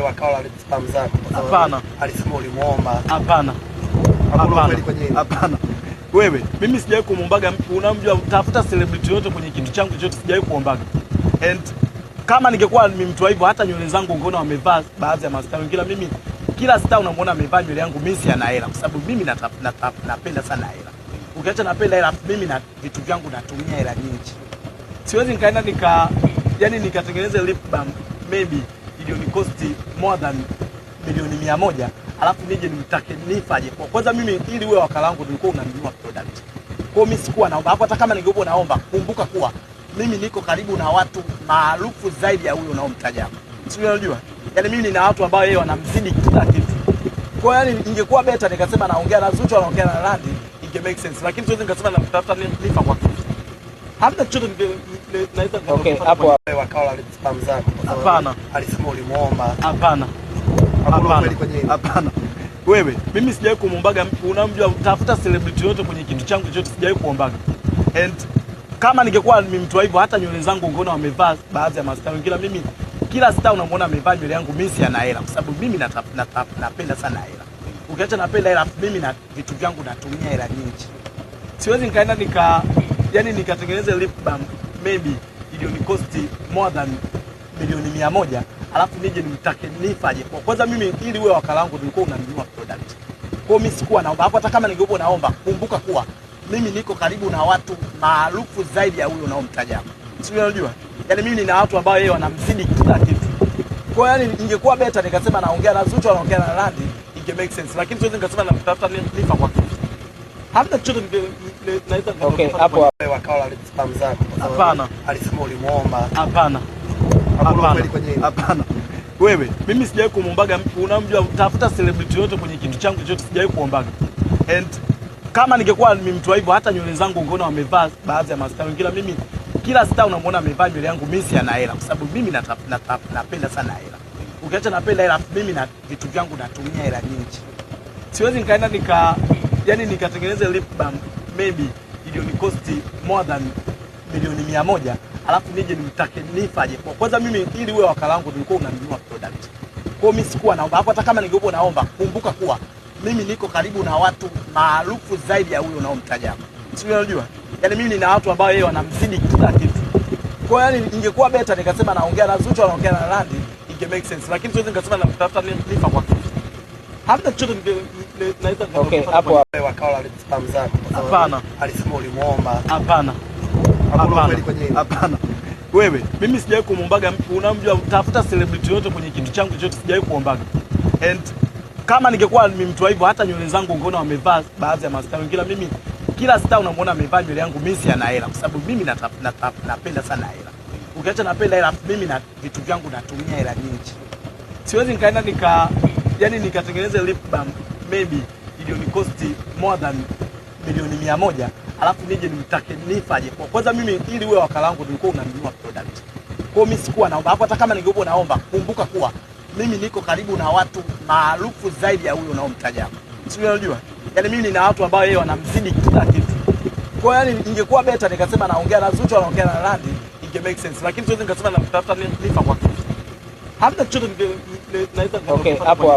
Wakala spam Hapana. Wewe, mimi sijawahi kumwombaga, unamjua, tafuta celebrity yote kwenye kitu changu chote, sijawahi kuombaga. And kama ningekuwa mimi mtu hivyo, hata nywele zangu ungeona wamevaa baadhi ya mastaa wengine. Mimi kila staa unamwona amevaa nywele yangu, mimi si ana hela, kwa sababu mimi napenda sana hela. Ukiacha napenda hela, mimi na vitu vyangu natumia hela nyingi, siwezi nikaenda nika, yani nikatengeneza lip balm maybe ilioni cost more than milioni mia moja alafu nije nimtake nifaje? Kwa kwanza mimi ili uwe wakala wangu nilikuwa unanunua product. Kwa hiyo mimi sikuwa naomba hapo, hata kama ningekuwa naomba, kumbuka kuwa mimi niko karibu na watu maarufu zaidi ya huyo unaomtaja hapo, si unajua? yani mimi nina watu ambao yeye wanamzidi kila kitu. Kwa yani, ingekuwa beta nikasema naongea na Zuchu, anaongea na Randi, inge make sense, lakini siwezi nikasema namtafuta nifa kwa kitu hamna chochote naweza okay, hapo wakala alispam zako. Hapana, alisema ulimuomba. Hapana, hapana, hapana. Wewe, mimi sijawahi kumwombaga. Unamjua, tafuta celebrity yote kwenye kitu changu chote, sijawahi kuombaga and kama ningekuwa mimi mtu hivyo, hata nywele zangu ungeona wamevaa baadhi ya mastaa wengine. Mimi kila staa unamwona amevaa nywele yangu, mimi si ana hela, kwa sababu mimi napenda sana hela. Ukiacha napenda hela, mimi na vitu vyangu natumia hela nyingi, siwezi nikaenda nika yani nikatengeneze lip balm maybe ilioni cost more than milioni mia moja alafu nije nimtake nifaje kwa kwanza mimi ili uwe wakala wangu nilikuwa unanunua product kwa mimi sikuwa naomba hapo hata kama ningeupo naomba kumbuka kuwa mimi niko karibu na watu maarufu zaidi ya huyo unaomtaja hapo si unajua yani mimi nina watu ambao yeye wanamzidi kila kitu kwa hiyo yani ingekuwa beta nikasema naongea na Zuchu anaongea na Randi inge make sense lakini siwezi nikasema namtafuta Nifa kwa kitu hata chochote naweza okay. Hapo wale wakao wale spam zako, hapana. Alisema ulimuomba, hapana, hapana, hapana. Wewe mimi sijawahi kumuombaga mtu, unamjua, tafuta celebrity yote kwenye kitu changu chote, sijawahi kuombaga and kama ningekuwa mimi mtu wa hivyo, hata nywele zangu ungeona wamevaa baadhi ya mastaa wengine. Mimi kila staa unamwona amevaa nywele yangu, mimi si ana hela, kwa sababu mimi napenda sana hela. Ukiacha napenda hela, mimi na vitu vyangu natumia hela nyingi, siwezi nikaenda nika yani nikatengeneze lip balm maybe ilioni cost more than milioni mia moja alafu nije nimtake nifaje kwa kwanza mimi ili uwe wakalangu wangu nilikuwa unanunua product kwa mimi sikuwa naomba hapo hata kama ningekuwa naomba kumbuka kuwa mimi niko karibu na watu maarufu zaidi ya huyo unaomtaja hapa, sio unajua yani mimi nina watu ambao yeye wanamzidi kila kitu kwa yani ingekuwa beta nikasema naongea na Zuchu anaongea na Randi inge make sense lakini siwezi nikasema namtafuta Nifa kwa kitu Hamna chochote naweza okay, hapo hapo wakao wakala spam zako. Hapana. Alisema ulimuomba. Hapana. Hapana. Hapana. Wewe, mimi sijawahi kumuombaga, mtu, unamjua, utafuta celebrity yote kwenye kitu changu chote, sijawahi kuombaga. And kama ningekuwa mimi mtu hivyo, hata nywele zangu ungeona wamevaa baadhi ya mastaa wengine. Mimi kila star unamwona amevaa nywele yangu, mimi si ana hela, kwa sababu mimi napenda sana hela. Ukiacha napenda hela, mimi na vitu vyangu natumia hela nyingi, siwezi nikaenda nika yani nikatengeneze lip balm maybe ilioni cost more than milioni mia moja alafu nije nimtake nifaje kwa kwanza mimi ili uwe wakala wangu nilikuwa unanunua product kwa mimi sikuwa naomba hapo hata kama ningekuwa naomba kumbuka kuwa mimi niko karibu na watu maarufu zaidi ya huyo unaomtaja hapo, sio unajua yani mimi nina watu ambao yeye wanamzidi kila kitu kwa hiyo yani ingekuwa beta nikasema naongea na Zuchu anaongea na Randy, inge make sense lakini siwezi nikasema namtafuta Nifa kwa kitu hamna chochote naweza okay hapo